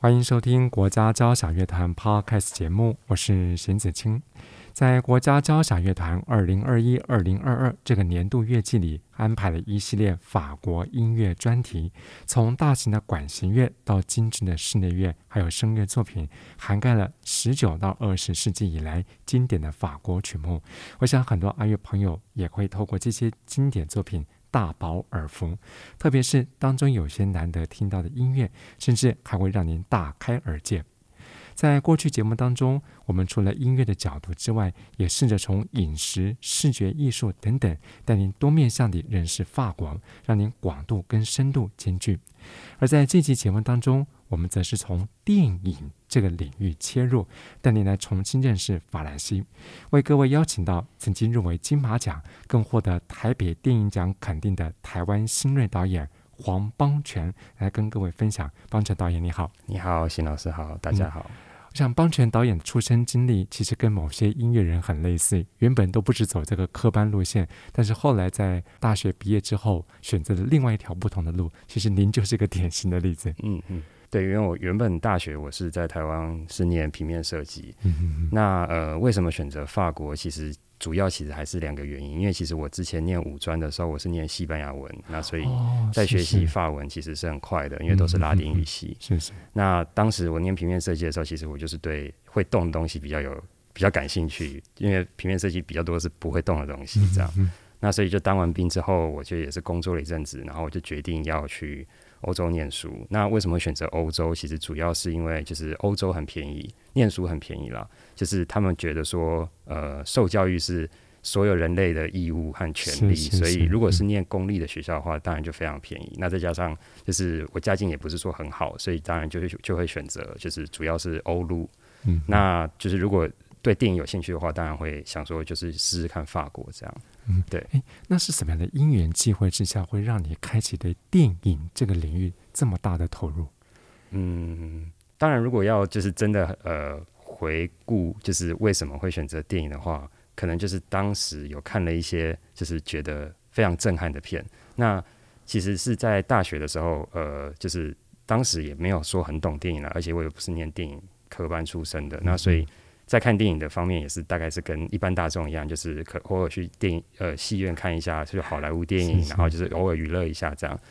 歡迎收聽國家交響樂團 Podcast 節目，我是邢子青。在國家交響樂團二零二一、二零二二這個年度樂季裡，安排了一系列法國音樂專題，從大型的管弦樂到精緻的室內樂，還有聲樂作品，涵蓋了十九到二十世紀以來經典的法國曲目。我想，很多愛樂朋友也會透過這些經典作品。大飽耳福，特別是當中有些難得聽到的音樂，甚至還會讓您大開耳界。在過去節目當中，我們除了音樂的角度之外，也試着從飲食、視覺藝術等等，帶您多面向的認識法國，讓您廣度跟深度兼具。而在這期節目當中，我們則是從電影這個領域切入，帶您來重新認識法蘭西。為各位邀請到曾經入圍金馬獎，更獲得台北電影獎肯定的台灣新銳導演黃邦銓來跟各位分享。邦銓導演，你好！你好，邢老師好，大家好。嗯我想，邦銓導演出身經歷其實跟某些音樂人很類似，原本都不是走這個科班路線，但是後來在大學畢業之後選擇了另外一條不同的路。其實您就是一個典型的例子。嗯嗯，對，因為我原本大學我是在台灣是念平面設計。嗯嗯。那呃，為什麼選擇法國？其實。主要其實還是兩個原因，因為其實我之前念五專的時候，我是念西班牙文，那所以在學習法文其實是很快的、哦是是，因為都是拉丁語系。嗯嗯嗯、是不是？那當時我念平面設計的時候，其實我就是對會動的東西比較有比較感興趣，因為平面設計比較多是不會動的東西，這樣、嗯。那所以就當完兵之後，我就也是工作了一陣子，然後我就決定要去。歐洲念書，那為什麼選擇歐洲？其實主要是因為就是歐洲很便宜，念書很便宜啦。就是他們覺得說，呃，受教育是所有人類的義務和權利，所以如果是念公立的學校的話，當然就非常便宜。嗯。那再加上就是我家境也不是說很好，所以當然就會就會選擇就是主要是歐陸。嗯。那就是如果對電影有興趣的話，當然會想說就是試試看法國這樣。嗯，對。欸、那是什麼樣的因緣際會之下，會讓你開啟對電影這個領域這麼大的投入？嗯，當然，如果要就是真的呃，回顧就是為什麼會選擇電影的話，可能就是當時有看了一些就是覺得非常震撼的片。那其實是在大學的時候，呃，就是當時也沒有說很懂電影了，而且我也不是念電影科班出身的，嗯，那所以。在看電影的方面也是，大概是跟一般大眾一樣，就是可偶爾去電影呃戲院看一下，去好萊塢電影，是是，然後就是偶爾娛樂一下這樣。是是，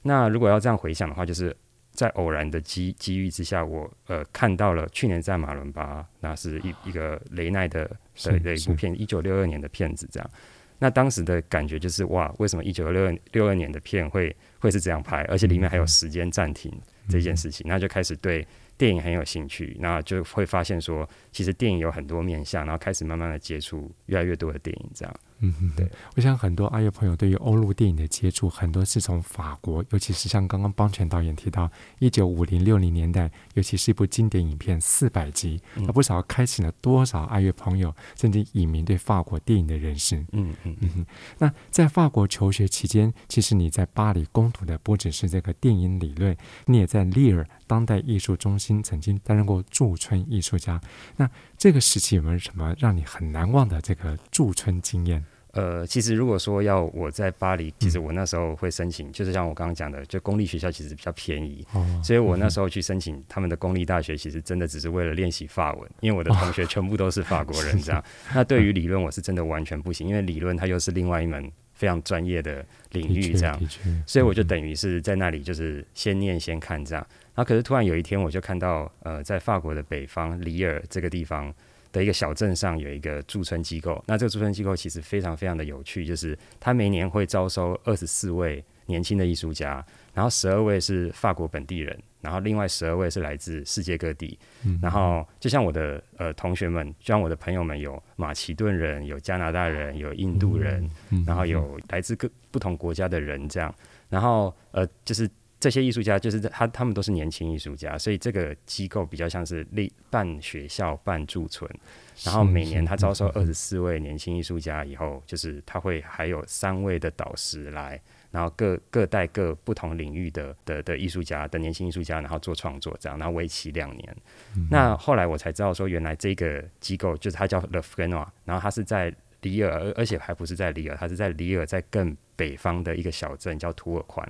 那如果要這樣回想的話，就是在偶然的機機遇之下，我呃看到了《去年在馬倫巴》，那是一一個雷奈的的一部片，一九六二年的片子這樣。是是，那當時的感覺就是哇，為什麼一九六二六二年的片會會是這樣拍，而且裡面還有時間暫停這件事情，嗯嗯嗯嗯嗯，那就開始對。電影很有興趣，那就會發現說，其實電影有很多面向，然後開始慢慢的接觸越來越多的電影，這樣。嗯哼，對，我想很多愛樂朋友對於歐陸電影的接觸，很多是從法國，尤其是像剛剛邦銓導演提到一九五零六零年代，尤其是一部經典影片《四百擊》，那不少開啟了多少愛樂朋友甚至影迷對法國電影的認識。嗯嗯，那在法國求學期間，其實你在巴黎攻讀的不只是這個電影理論，你也在利爾當代藝術中心曾經擔任過駐村藝術家。那這個時期有沒有什麼讓你很難忘的這個駐村經驗？呃，其實如果說要我在巴黎，其實我那時候會申請，嗯、就是像我剛剛講的，就公立學校其實比較便宜，啊、所以，我那時候去申請他們的公立大學，其實真的只是為了練習法文。嗯嗯，因為我的同學全部都是法國人這樣。啊，這樣是是。那對於理論，我是真的完全不行，因為理論它又是另外一門非常專業的領域，這樣。所以我就等於是在那裡就是先念先看這樣。那、嗯嗯、可是突然有一天，我就看到呃，在法國的北方里爾這個地方。的一個小鎮上有一個駐村機構，那這個駐村機構其實非常非常的有趣，就是它每年會招收二十四位年輕的藝術家，然後十二位是法國本地人，然後另外十二位是來自世界各地，然後就像我的呃同學們，就像我的朋友們，有馬其頓人，有加拿大人，有印度人，然後有來自各不同國家的人這樣，然後呃就是。這些藝術家就是他，他們都是年輕藝術家，所以這個機構比較像是立辦學校、辦駐村，然後每年他招收二十四位年輕藝術家，以後是是是就是他會還有三位的導師來，然後各各帶各不同領域的的的藝術家的年輕藝術家，然後做創作這樣，然後為期兩年，嗯。那後來我才知道說，原來這個機構就是他叫 Le Fresnoy，然後他是在里爾，而而且還不是在里爾，他是在里爾在更北方的一個小鎮叫圖爾寬。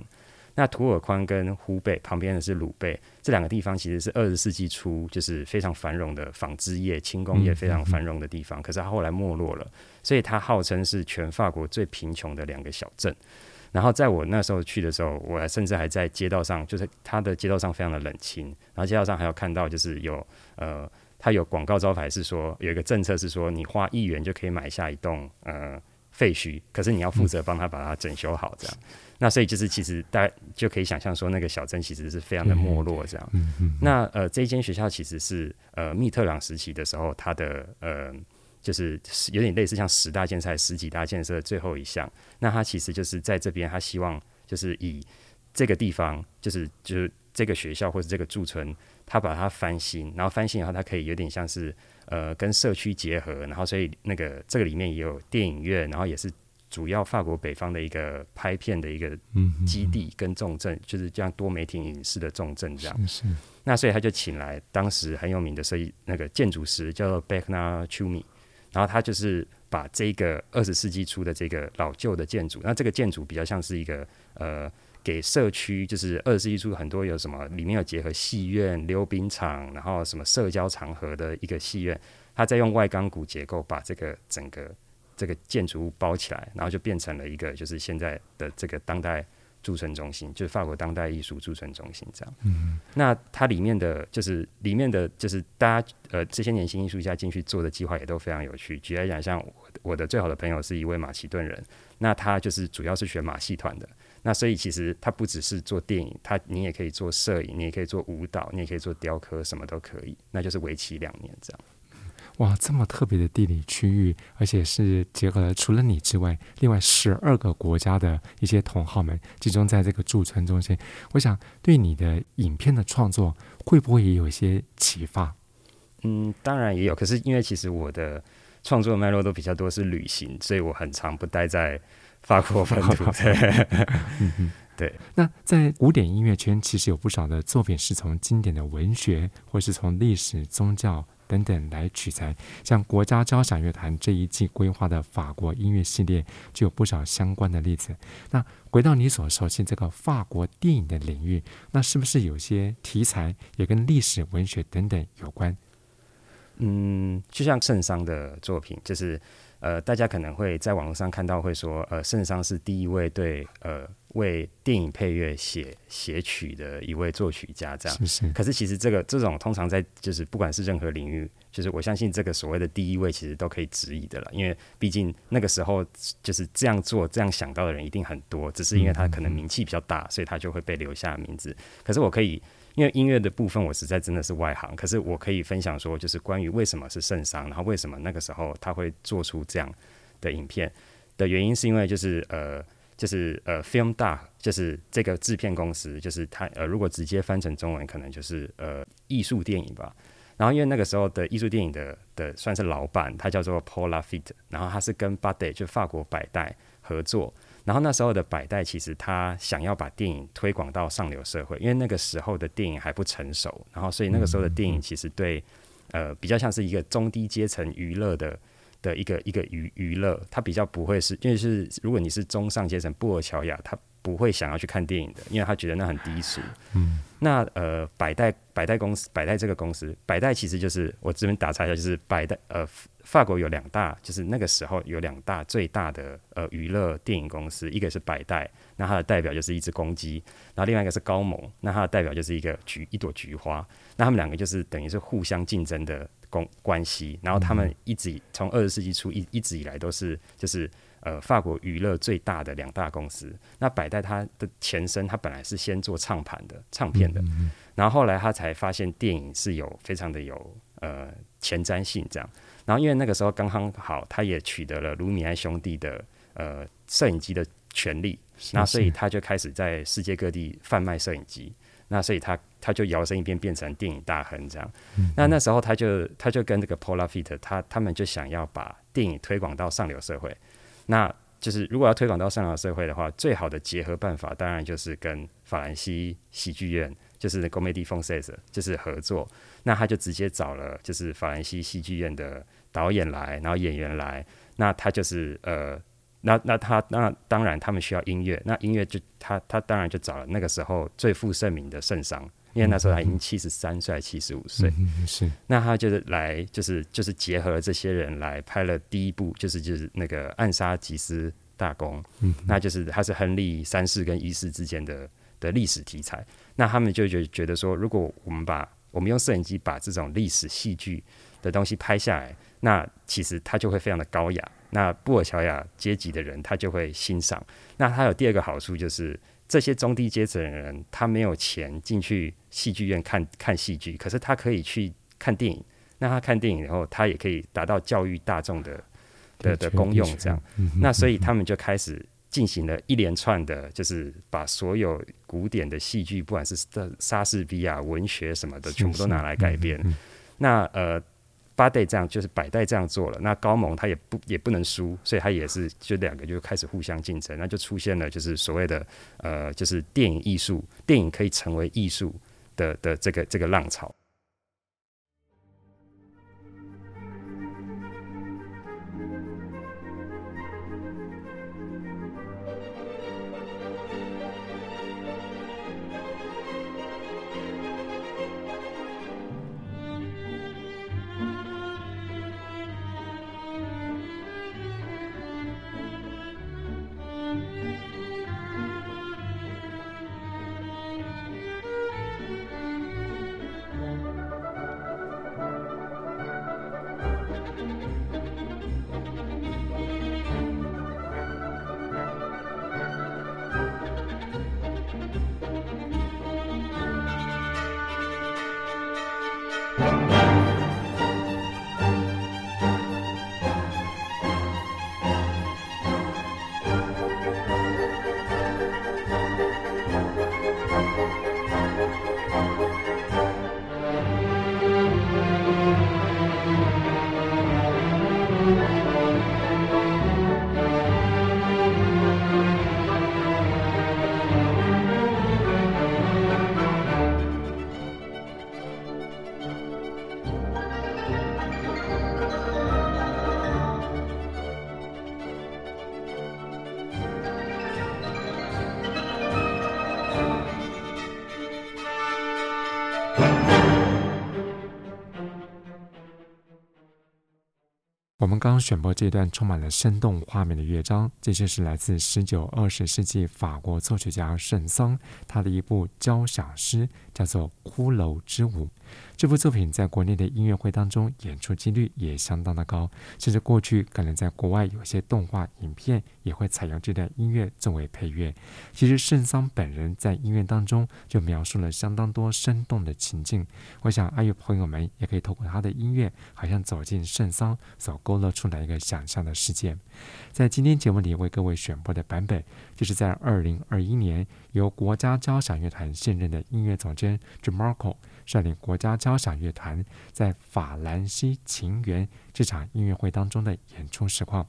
那圖爾寬跟湖貝旁邊的是魯貝，這兩個地方其實是二十世紀初，就是非常繁榮的紡織業、輕工業非常繁榮的地方，嗯，可是它後來沒落了，所以它號稱是全法國最貧窮的兩個小鎮。然後在我那時候去的時候，我甚至還在街道上，就是它的街道上非常的冷清，然後街道上還有看到就是有呃，它有廣告招牌是說有一個政策是說你花一元就可以買下一棟呃。廢墟，可是你要負責幫他把它整修好，這樣、嗯。那所以就是，其實大家就可以想象說，那個小鎮其實是非常的沒落，這樣。嗯嗯嗯嗯那呃，這間學校其實是呃，密特朗時期的時候，他的呃，就是有點類似像十大建設、還十幾大建設的最後一項。那他其實就是在這邊，他希望就是以這個地方，就是就是這個學校或者這個駐村，他把它翻新，然後翻新以後，它可以有點像是。呃，跟社區結合，然後所以那個這個裡面也有電影院，然後也是主要法國北方的一個拍片的一個基地跟重鎮，嗯嗯就是這樣多媒體影視的重鎮這樣是是。那所以他就請來當時很有名的設計那個建築師叫做貝克納·屈米，然後他就是把這個二十世紀初的這個老舊的建築，那這個建築比較像是一個呃。給社區，就是二十世紀初很多有什麼裡面有結合戲院、溜冰場，然後什麼社交場合的一個戲院，它，在用外鋼骨結構把這個整個這個建築物包起來，然後就變成了一個就是現在的這個當代駐村中心，就是法國當代藝術駐村中心這樣。嗯，那它裡面的就是裡面的就是大家呃這些年輕藝術家進去做的計劃也都非常有趣。舉例來講，像我我的最好的朋友是一位馬其頓人，那他就是主要是學馬戲團的。那所以其實他不只是做電影，他你也可以做攝影，你也可以做舞蹈，你也可以做雕刻，什麼都可以。那就是為期兩年這樣。哇，這麼特別的地理區域，而且是結合了除了你之外，另外十二個國家的一些同好們集中在這個駐村中心。我想對你的影片的創作會不會也有一些啟發？嗯，當然也有。可是因為其實我的創作的脈絡都比較多是旅行，所以我很常不待在法國本土 嗯嗯，對。那在古典音樂圈，其實有不少的作品是從經典的文學或是從歷史、宗教等等來取材。像國家交響樂團這一季規劃的法國音樂系列，就有不少相關的例子。那回到你所熟悉這個法國電影的領域，那是不是有些題材也跟歷史、文學等等有關？嗯，就像聖桑的作品，就是。呃，大家可能會在網絡上看到，會說，呃，聖桑是第一位對，呃，為電影配樂寫寫曲的一位作曲家，這樣。是是。可是其實這個這種通常在就是不管是任何領域，就是我相信這個所謂的第一位，其實都可以質疑的了，因為畢竟那個時候就是這樣做這樣想到的人一定很多，只是因為他可能名氣比較大，嗯。所以他就會被留下名字。可是我可以。因為音樂的部分我實在真的是外行，可是我可以分享說，就是關於為什麼是聖桑，然後為什麼那個時候他會做出這樣的影片的原因，是因為就是呃，就是呃，Film d'Art 就是這個制片公司，就是他呃，如果直接翻成中文，可能就是呃藝術電影吧。然後因為那個時候的藝術電影的的算是老板，他叫做 Paul Lafitte，然後他是跟 Pathé 就法國百代合作。然後那時候的百代其實他想要把電影推廣到上流社會，因為那個時候的電影還不成熟，然後所以那個時候的電影其實對、嗯、呃比較像是一個中低階層娛樂的的一個一個娛娛樂，它比較不會是，因為就是如果你是中上階層布爾喬亞，他。不會想要去看電影的，因為他覺得那很低俗。嗯，那呃，百代，百代公司，百代這個公司，百代其實就是我這邊打岔一下，就是百代，呃，法國有兩大，就是那個時候有兩大最大的呃娛樂電影公司，一個是百代，那它的代表就是一只公雞，然後另外一個是高蒙，那它的代表就是一個菊一朵菊花，那他們兩個就是等於是互相競爭的關關係，然後他們一直、嗯、從二十世紀初一一直以來都是就是。呃，法國娛樂最大的兩大公司，那百代它的前身，它本來是先做唱片的、唱片的嗯嗯嗯，然後後來他才發現電影是有非常的有呃前瞻性這樣，然後因為那個時候剛剛好，他也取得了盧米埃兄弟的呃攝影機的權利是是，那所以他就開始在世界各地販賣攝影機，那所以他他就搖身一變變成電影大亨這樣，嗯嗯那那時候他就他就跟這個 Polar Fit 他他們就想要把電影推廣到上流社會。那就是如果要推廣到上流社會的話，最好的結合辦法當然就是跟法蘭西戲劇院，就是 Comédie-Française 就是合作。那他就直接找了就是法蘭西戲劇院的導演來，然後演員來。那他就是呃，那那他那當然他們需要音樂，那音樂就他他當然就找了那個時候最負盛名的聖桑。因為那時候他已經七十三歲還七十五歲。是，那他就是來，就是就是結合了這些人來拍了第一部，就是就是那個《暗殺吉斯大公》，嗯，那就是他是亨利三世跟一世之間的的歷史題材。那他們就覺覺得說，如果我們把我們用攝影機把這種歷史戲劇的東西拍下來，那其實他就會非常的高雅。那布爾喬亞階級的人他就會欣賞。那他有第二個好處就是，這些中低階層的人他沒有錢進去。戲劇院看看戲劇，可是他可以去看電影。那他看電影以後，他也可以達到教育大眾的的的功用。這樣全全，嗯，那所以他們就開始進行了一連串的，就是把所有古典的戲劇，不管是莎莎士比亞文學什麼的是是，全部都拿來改編，嗯。那呃，巴代這樣就是百代這樣做了。那高蒙他也不也不能輸，所以他也是就兩個就開始互相競爭。那就出現了就是所謂的呃，就是電影藝術，電影可以成為藝術的的這個這個浪潮。我們剛剛選播這段充滿了生動畫面的樂章，這些是來自十九二十世紀法國作曲家聖桑他的一部交響詩，叫做《骷髏之舞》。這部作品在國內的音樂會當中演出幾率也相當的高，甚至過去可能在國外有些動畫影片也會採用這段音樂作為配樂。其實聖桑本人在音樂當中就描述了相當多生動的情境，我想愛樂朋友們也可以透過他的音樂，好像走進聖桑勾勒出來一個想象的世界。在今天節目裡為各位選播的版本，就是在二零二一年由國家交響樂團現任，任的音樂總監 Jun Märkl 率領國家交響樂團在法蘭西情緣這場音樂會當中的演出實況。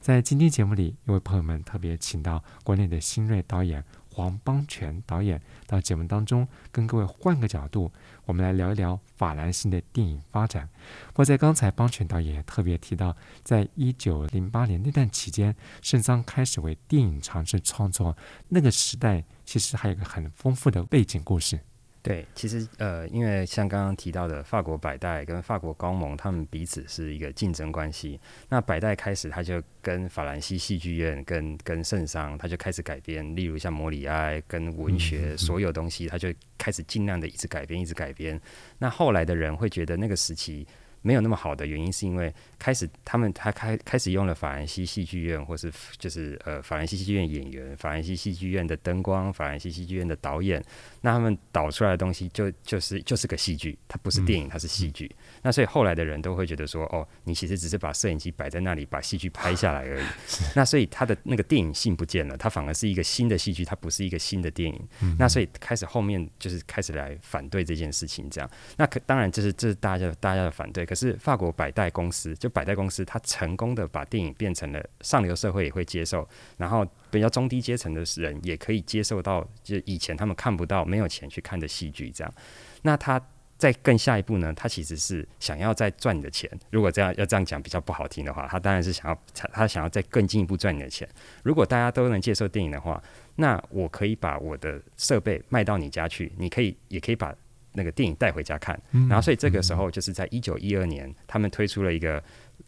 在今天節目裡，有位朋友們特別請到國內的新銳導演黃邦銓導演到節目當中，跟各位換個角度。我們來聊一聊法蘭西的電影發展。我在剛才邦銓導演特別提到，在一九零八年那段期間，聖桑開始為電影嘗試創作。那個時代其實還有一個很豐富的背景故事。對，其實呃，因為像剛剛提到的，法國百代跟法國高蒙，他們彼此是一個競爭關係。那百代開始，他就跟法蘭西戲劇院跟、跟跟聖桑，他就開始改編，例如像莫裡哀跟文學、嗯、所有東西，他就開始尽量的一直改編，一直改編。那後來的人會覺得那個時期。沒有那麼好的原因，是因為開始他們他開開始用了法蘭西戲劇院，或是就是呃法蘭西戲劇院演員、法蘭西戲劇院的燈光、法蘭西戲劇院的導演，那他們導出來的東西就就是就是個戲劇，它不是電影，它是戲劇。嗯，那所以後來的人都會覺得說，哦，你其實只是把攝影機擺在那裡，把戲劇拍下來而已。那所以他的那個電影性不見了，它反而是一個新的戲劇，它不是一個新的電影。嗯，那所以開始後面就是開始來反對這件事情，這樣。那可當然這、就是這、就是大家大家的反對，是法國百代公司，就百代公司，它成功的把電影變成了上流社會也會接受，然後比較中低階層的人也可以接受到，就以前他們看不到、沒有錢去看的戲劇這樣。那它再更下一步呢？它其實是想要再賺你的錢。如果這樣要這樣講比較不好聽的話，他當然是想要他想要再更進一步賺你的錢。如果大家都能接受電影的話，那我可以把我的設備賣到你家去，你可以也可以把。那個電影帶回家看，嗯，然後所以這個時候就是在一九一二年，嗯，他們推出了一個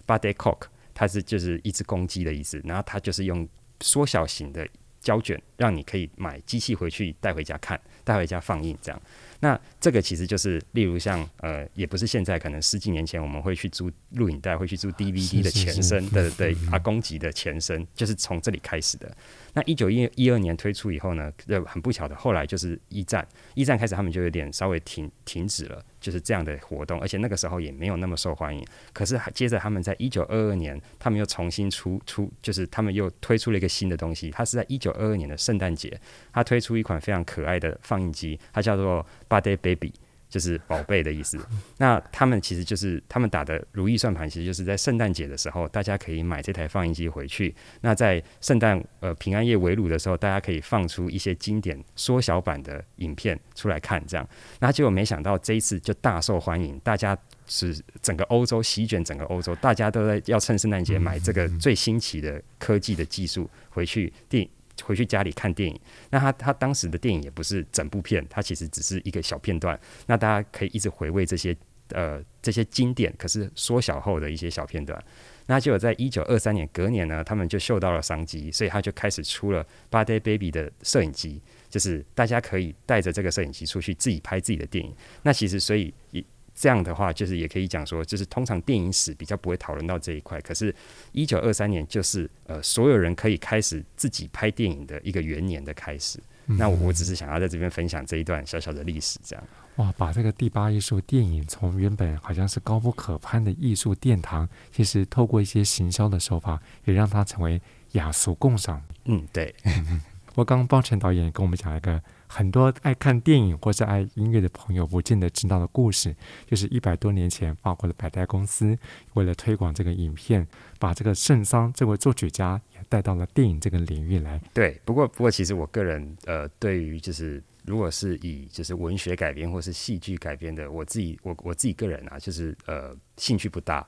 Buddy Cock，它是就是一隻公雞的意思，然後它就是用縮小型的膠卷，讓你可以買機器回去帶回家看，帶回家放映這樣。那這個其實就是，例如像呃，也不是現在，可能十幾年前我們會去租錄影帶，會去租 DVD 的前身，是是是是對對是是是，阿公級的前身，就是從這裡開始的。那一九一二年推出以後呢，這很不巧的，後來就是一戰，一戰開始他們就有點稍微停停止了。就是這樣的活動，而且那個時候也沒有那麼受歡迎。可是接着，他們在一九二二年，他們又重新出出，就是他們又推出了一個新的東西。它是在一九二二年的聖誕節，它推出一款非常可愛的放映機，它叫做 Buddy Baby。就是寶貝的意思。那他們其實就是他們打的如意算盤，其實就是在聖誕節的時候，大家可以買這台放映機回去。那在聖誕呃平安夜圍爐的時候，大家可以放出一些經典縮小版的影片出來看，這樣。那結果沒想到這一次就大受歡迎，大家是整個歐洲席捲整個歐洲，大家都在要趁聖誕節買這個最新奇的科技的技術回去。嗯嗯嗯第回去家裡看電影，那他他當時的電影也不是整部片，他其實只是一個小片段。那大家可以一直回味這些呃這些經典，可是縮小後的一些小片段。那就在一九二三年隔年呢，他們就嗅到了商機，所以他就開始出了 Pathé Baby 的攝影機，就是大家可以帶着這個攝影機出去自己拍自己的電影。那其實所以一。這樣的話，就是也可以講說，就是通常電影史比較不會討論到這一塊。可是，一九二三年就是呃，所有人可以開始自己拍電影的一個元年的開始。那我我只是想要在這邊分享這一段小小的歷史，這樣、嗯嗯。哇，把這個第八藝術電影從原本好像是高不可攀的藝術殿堂，其實透過一些行銷的手法，也讓它成為雅俗共賞。嗯，對。 我剛抱歉導演跟我們講一個，很多愛看電影或是愛音樂的朋友，不見得知道的故事，就是一百多年前，法國的百代公司為了推廣這個影片，把這個聖桑這位作曲家也帶到了電影這個領域來。對，不過不過，其實我個人呃，對於就是如果是以就是文學改編或是戲劇改編的，我自己我我自己個人啊，就是呃興趣不大。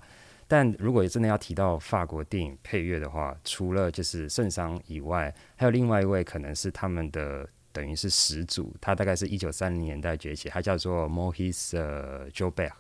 但如果真的要提到法國電影配樂的話，除了就是聖桑以外，還有另外一位可能是他們的。等於是始祖，他大概是一九三零年代崛起，他叫做 Maurice、呃、Jaubert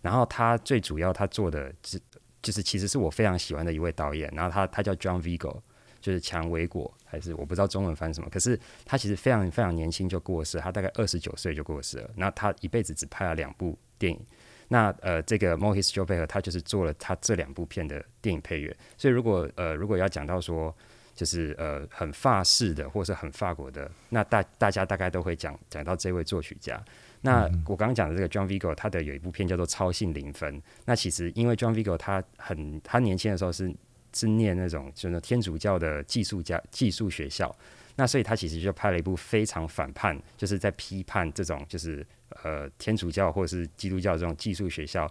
然後他最主要他做的、就是，就就是其實是我非常喜歡的一位導演。然後他他叫 Jean Vigo，就是強維果還是我不知道中文翻什麼。可是他其實非常非常年輕就過世，他大概二十九歲就過世了。那他一輩子只拍了兩部電影。那呃，這個 Maurice Jaubert 他就是做了他這兩部片的電影配樂。所以如果呃如果要講到說，就是呃，很法式的或者很法國的，那大大家大概都會講講到這位作曲家。嗯、那我剛剛講的這個 Jean Vigo，他的有一部片叫做《操行零分》。那其實因為 Jean Vigo 他很他年輕的時候是是念那種就是天主教的寄宿家寄宿學校，那所以他其實就拍了一部非常反叛，就是在批判這種就是呃天主教或者是基督教這種寄宿學校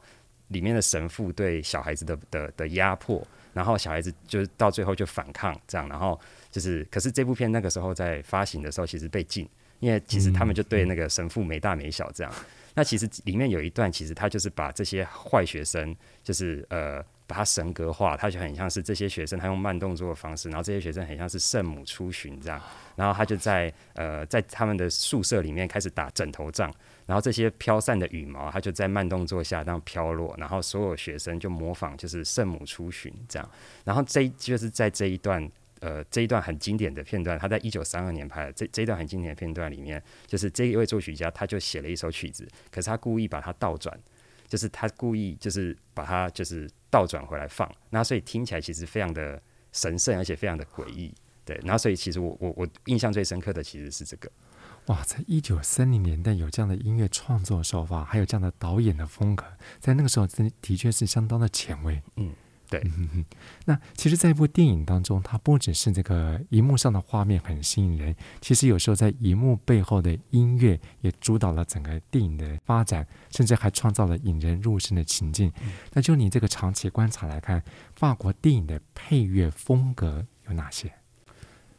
裡面的神父對小孩子的的的壓迫。然後小孩子就是到最後就反抗，這樣，然後就是，可是這部片那個時候在發行的時候其實被禁，因為其實他們就對那個神父沒大沒小這樣。嗯、那其實裡面有一段，其實他就是把這些壞學生，就是呃。把它神格化，他就很像是這些學生，他用慢動作的方式，然後這些學生很像是聖母出巡這樣，然後他就在呃在他們的宿舍裡面開始打枕頭仗，然後這些飄散的羽毛，他就在慢動作下那樣飄落，然後所有學生就模仿就是聖母出巡這樣，然後這就是在這一段呃這一段很經典的片段，他在一九三二年拍的這這一段很經典的片段裡面，就是這一位作曲家他就寫了一首曲子，可是他故意把它倒轉。就是他故意就是把它就是倒轉回來放，那所以聽起來其實非常的神聖，而且非常的詭異，對，那所以其實我我我印象最深刻的其實是這個，哇，在一九三零年代有這樣的音樂創作手法，還有這樣的導演的風格，在那個時候真的的確是相當的前衛，嗯。對、嗯，那其實，在一部電影當中，它不只是這個熒幕上的畫面很吸引人，其實有時候在熒幕背後的音樂也主導了整個電影的發展，甚至還創造了引人入勝的情境、嗯。那就你這個長期觀察來看，法國電影的配樂風格有哪些？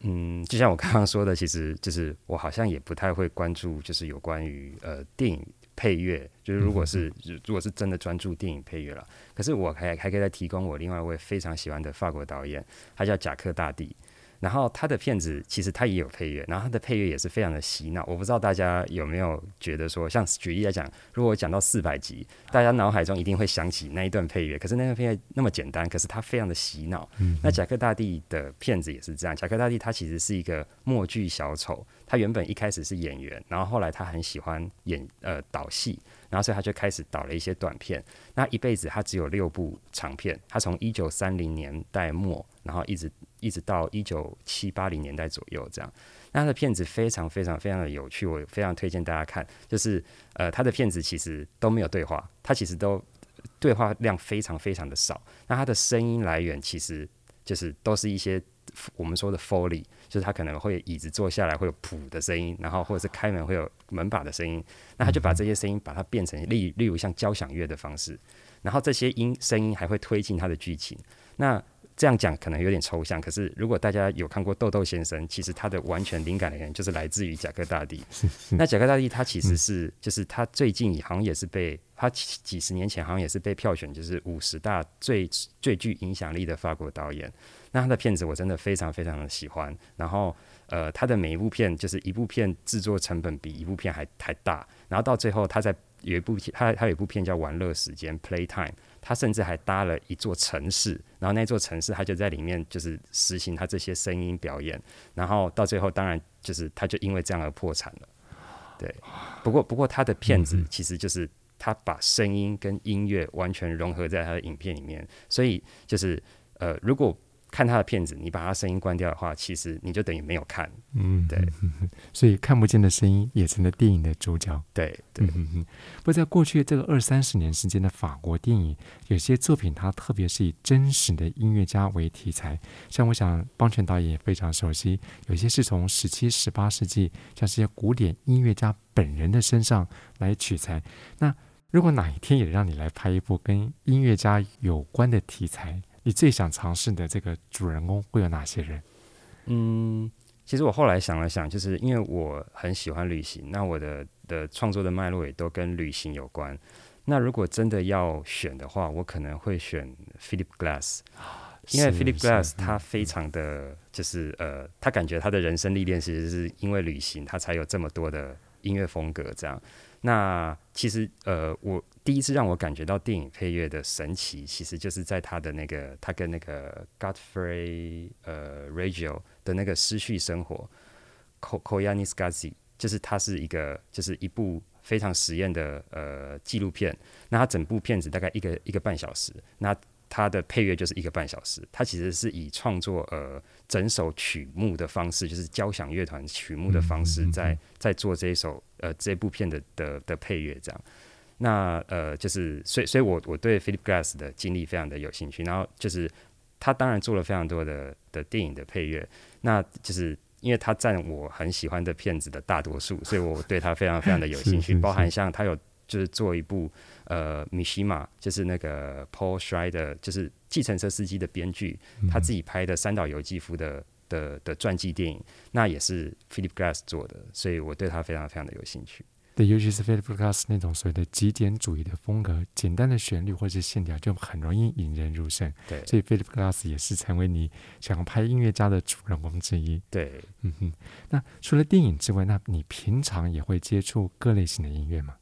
嗯，就像我剛剛說的，其實就是我好像也不太會關注，就是有關於呃電影。配樂就是，如果是，嗯、如果是真的專注電影配樂了，可是我還還可以再提供我另外一位非常喜歡的法國導演，他叫賈克大地。然後他的片子其實他也有配樂，然後他的配樂也是非常的洗腦。我不知道大家有沒有覺得說，像舉例來講，如果我講到四百擊，大家腦海中一定會想起那一段配樂。可是那段配樂那麼簡單，可是它非常的洗腦，嗯。那賈克大地的片子也是這樣，賈克大地他其實是一個默劇小丑。他原本一開始是演員，然後後來他很喜歡演呃導戲，然後所以他就開始導了一些短片。那一輩子他只有六部長片，他從一九三零年代末，然後一直一直到一九七、八零年代左右這樣。那他的片子非常非常非常的有趣，我非常推薦大家看。就是呃他的片子其實都沒有對話，他其實都對話量非常非常的少。那他的聲音來源其實就是都是一些。我們說的 Foley，就是他可能會椅子坐下來會有噗的聲音，然後或者是開門會有門把的聲音，那他就把這些聲音把它變成例，例如像交響樂的方式，然後這些音聲音還會推進他的劇情。那這樣講可能有點抽象，可是，如果大家有看過豆豆先生，其實他的完全靈感來源就是來自於賈克大地。 那賈克大地他其實是，就是他最近好像也是被 他幾十年前好像也是被票選，就是五十大最最具影響力的法國導演。那他的片子我真的非常非常的喜歡。然後呃，他的每一部片就是一部片制作成本比一部片還還大。然後到最後他在有一部他他有一部片叫玩《玩樂時間》（Play Time）。他甚至還搭了一座城市，然後那座城市他就在裡面，就是實行他這些聲音表演，然後到最後當然就是他就因為這樣而破產了。對，不過不過他的片子其實就是他把聲音跟音樂完全融合在他的影片裡面，所以就是呃如果。看他的片子，你把他聲音關掉的話，其實你就等於沒有看，嗯，對。所以看不見的聲音也成了電影的主角，對對、嗯哼哼。不過，在過去這個二三十年時間的法國電影，有些作品它特別是以真實的音樂家為題材，像我想邦銓導演也非常熟悉。有些是從十七、十八世紀像這些古典音樂家本人的身上來取材。那如果哪一天也讓你來拍一部跟音樂家有關的題材，你最想嘗試的這個主人公會有哪些人？嗯，其實我後來想了想，就是因為我很喜歡旅行，那我的的創作的脈絡也都跟旅行有關。那如果真的要選的話，我可能會選 Philip Glass，因為 Philip Glass 他非常的，嗯，就是呃，他感覺他的人生歷練其實是因為旅行，他才有這麼多的音樂風格這樣。那其實，呃，我第一次讓我感覺到電影配樂的神奇，其實就是在他的那個，他跟那個 Godfrey 呃 Reggio 的那個《失衡生活》（Koyaanisqatsi），嗯、就是它是一個，就是一部非常實驗的呃紀錄片。那它整部片子大概一個一個半小時，那它的配樂就是一個半小時。它其實是以創作呃整首曲目的方式，就是交響樂團曲目的方式在，在在做這一首。呃，這部片的的的配樂這樣，那呃，就是所以，所以我我對 Philip Glass 的經歷非常的有興趣。然後就是他當然做了非常多的的電影的配樂，那就是因為他占我很喜歡的片子的大多數，所以我對他非常非常的有興趣。 包含像他有就是做一部呃，Mishima 就是那個 Paul Schrader 就是計程車司機的編劇，嗯，他自己拍的三島由紀夫的。的的傳記電影，那也是 Philip Glass 做的，所以我對他非常非常的有興趣。對，尤其是 Philip Glass 那種所謂的極簡主義的風格，簡單的旋律或者是線條就很容易引人入勝。對，所以 Philip Glass 也是成為你想要拍音樂家的主人公之一。對，嗯哼。那除了電影之外，那你平常也會接觸各類型的音樂嗎？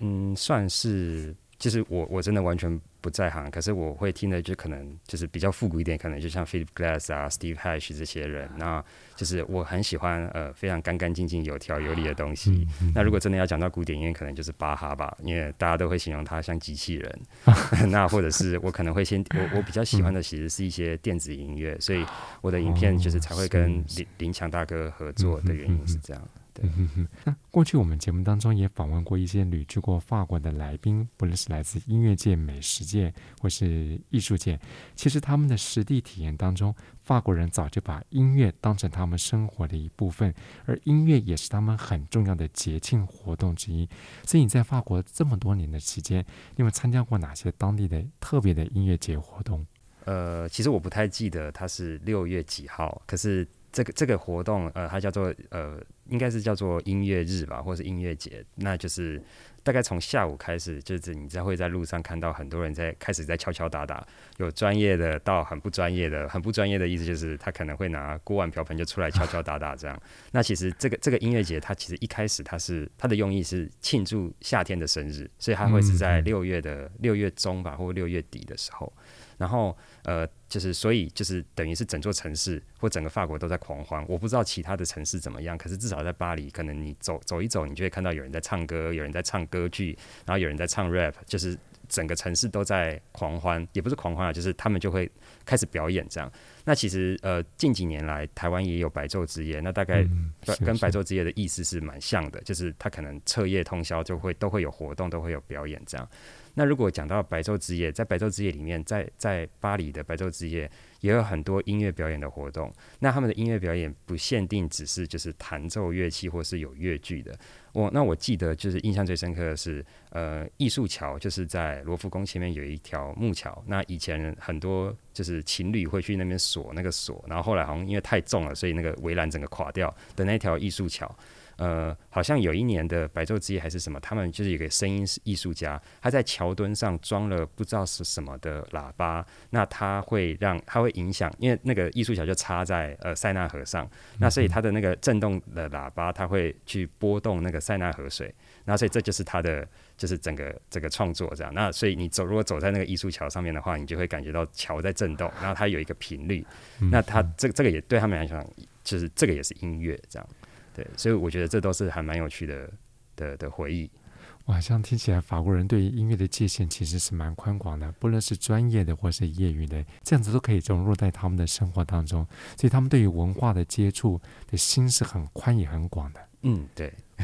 嗯，算是。就是我我真的完全不在行，可是我會聽的就可能就是比較復古一點，可能就像 Philip Glass 啊，Steve Reich 這些人啊，就是我很喜歡呃非常乾乾淨淨有條有理的東西，啊嗯。那如果真的要講到古典音樂，可能就是巴哈吧，因為大家都會形容他像機器人。啊、 那或者是我可能會先我我比較喜歡的其實是一些電子音樂，啊、所以我的影片就是才會跟林林，林強大哥合作的原因是這樣，嗯嗯嗯嗯、呵呵，那過去我們節目當中也訪問過一些旅居過法國的來賓，不論是來自音樂界、美食界或是藝術界，其實他們的實地體驗當中，法國人早就把音樂當成他們生活的一部分，而音樂也是他們很重要的節慶活動之一。所以你在法國這麼多年的時間，你有沒有參加過哪些當地的特別的音樂節活動？呃，其實我不太記得他是六月幾號，可是這個這個活動，呃，他叫做呃。應該是叫做音樂日吧，或是音樂節。那就是大概從下午開始，就是你在會在路上看到很多人在開始在敲敲打打，有專業的到很不專業的，很不專業的意思就是他可能會拿鍋碗瓢盆就出來敲敲打打這樣。 那其實這個這個音樂節它其實一開始它是它的用意是慶祝夏天的生日，所以它會是在六月的六月中吧，或六月底的時候。然後，呃，就是所以就是等於是整座城市或整個法國都在狂歡。我不知道其他的城市怎麼樣，可是至少在巴黎，可能你走走一走，你就會看到有人在唱歌，有人在唱歌劇，然後有人在唱 rap，就是整個城市都在狂歡，也不是狂歡啊，就是他們就會開始表演這樣。那其實，呃，近幾年來台灣也有白晝之夜，那大概跟白晝之夜的意思是蠻像的，就是他可能徹夜通宵就會都會有活動，都會有表演這樣。那如果講到白晝之夜，在白晝之夜裡面，在在巴黎的白晝之夜也有很多音樂表演的活動。那他們的音樂表演不限定只是就是彈奏樂器或是有樂劇的。我、哦、那我記得就是印象最深刻的是，呃，藝術橋就是在羅浮宮前面有一條木橋。那以前很多就是情侶會去那邊鎖那個鎖，然後後來好像因為太重了，所以那個圍欄整個垮掉的那條藝術橋。呃，好像有一年的白晝之夜還是什麼，他們就是有個聲音藝術家，他在橋墩上裝了不知道是什麼的喇叭，那他會讓它會影響，因為那個藝術橋就插在呃塞納河上，那所以它的那個震動的喇叭，它會去撥動那個塞納河水，那所以這就是他的就是整個這個創作這樣，那所以你走如果走在那個藝術橋上面的話，你就會感覺到橋在震動，然後它有一個頻率，那它這這個也對他們來講，就是這個也是音樂這樣。對，所以我覺得這都是還蠻有趣的的的回憶。哇，這樣聽起來，法國人對於音樂的界限其實是蠻寬廣的，不論是專業的或是業餘的，這樣子都可以融入在他們的生活當中。所以他們對於文化的接觸的心是很寬也很廣的。嗯，對，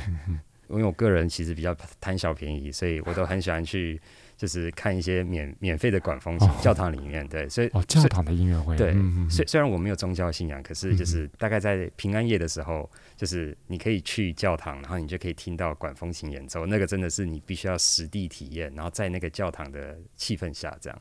因為我個人其實比較貪小便宜，所以我都很喜歡去。 就是看一些免免費的管風琴、哦、教堂裡面，對，所以哦，教堂的音樂會，對，雖、嗯嗯嗯、雖然我沒有宗教信仰，可是就是大概在平安夜的時候，嗯嗯就是你可以去教堂，然後你就可以聽到管風琴演奏，那個真的是你必須要實地體驗，然後在那個教堂的氣氛下這樣，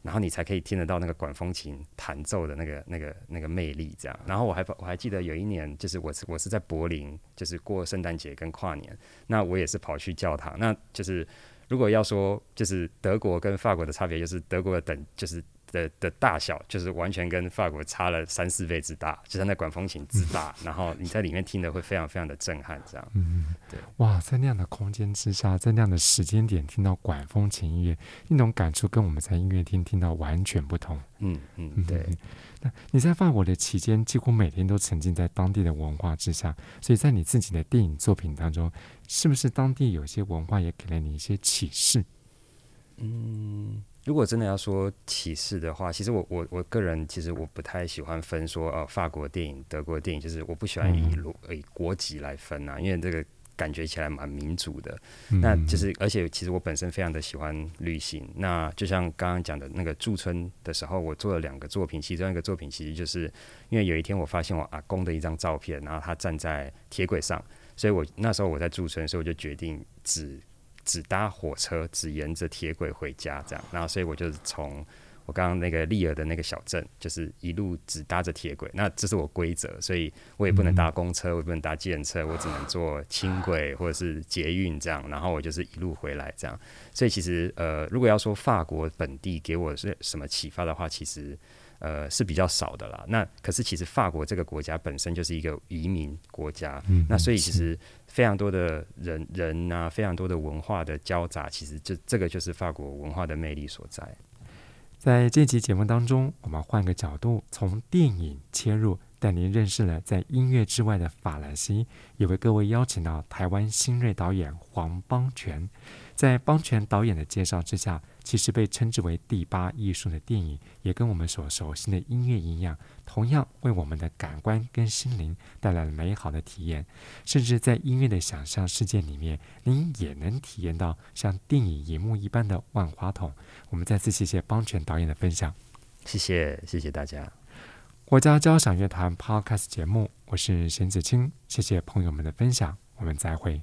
然後你才可以聽得到那個管風琴彈奏的那個、那個、那個魅力這樣。然後我還我還記得有一年，就是我是我是在柏林，就是過聖誕節跟跨年，那我也是跑去教堂，那就是。如果要說就是德國跟法國的差別，就是德國的等就是，的的大小就是完全跟法國差了三四倍之大，就像、是、那管風琴之大、嗯，然後你在裡面聽的會非常非常的震撼，這樣。嗯，對。哇，在那樣的空間之下，在那樣的時間點聽到管風琴音樂，那種感觸跟我們在音樂廳聽到完全不同。嗯嗯，嗯，對。那你在法國的期間，幾乎每天都沉浸在當地的文化之下，所以在你自己的電影作品當中，是不是當地有些文化也給了你一些啟示？嗯。如果真的要說歧視的話，其實我我我個人其實我不太喜歡分說呃、哦、法國電影、德國電影，就是我不喜歡以、嗯、以國籍來分啊，因為這個感覺起來蠻民族的、嗯。那就是，而且其實我本身非常的喜歡旅行。那就像剛剛講的那個駐村的時候，我做了兩個作品，其中一個作品其實就是因為有一天我發現我阿公的一張照片，然後他站在鐵軌上，所以我那時候我在駐村，所以我就決定只。只搭火車，只沿着鐵軌回家，這樣。然後，所以我就是從我剛剛那個利爾的那個小鎮，就是一路只搭着鐵軌。那這是我規則，所以我也不能搭公車，我也不能搭捷車，我只能坐輕軌或者是捷運這樣。然後我就是一路回來這樣。所以其實，呃，如果要說法國本地給我是什麼啟發的話，其實。呃，是比較少的啦。那可是其實法國這個國家本身就是一個移民國家，嗯，那所以其實非常多的人人啊，非常多的文化的交雜，其實這這個就是法國文化的魅力所在。在這期節目當中，我們換個角度，從電影切入，帶您認識了在音樂之外的法蘭西，也為各位邀請到台灣新銳導演黃邦銓。在邦銓導演的介紹之下。其實被稱之為第八藝術的電影，也跟我們所熟悉的音樂一樣，同樣為我們的感官跟心靈帶來了美好的體驗。甚至在音樂的想象世界裡面，您也能體驗到像電影銀幕一般的萬花筒。我們再次謝謝邦銓導演的分享，謝謝謝謝大家。國家交響樂團 Podcast 節目，我是沈子清，謝謝朋友們的分享，我們再會。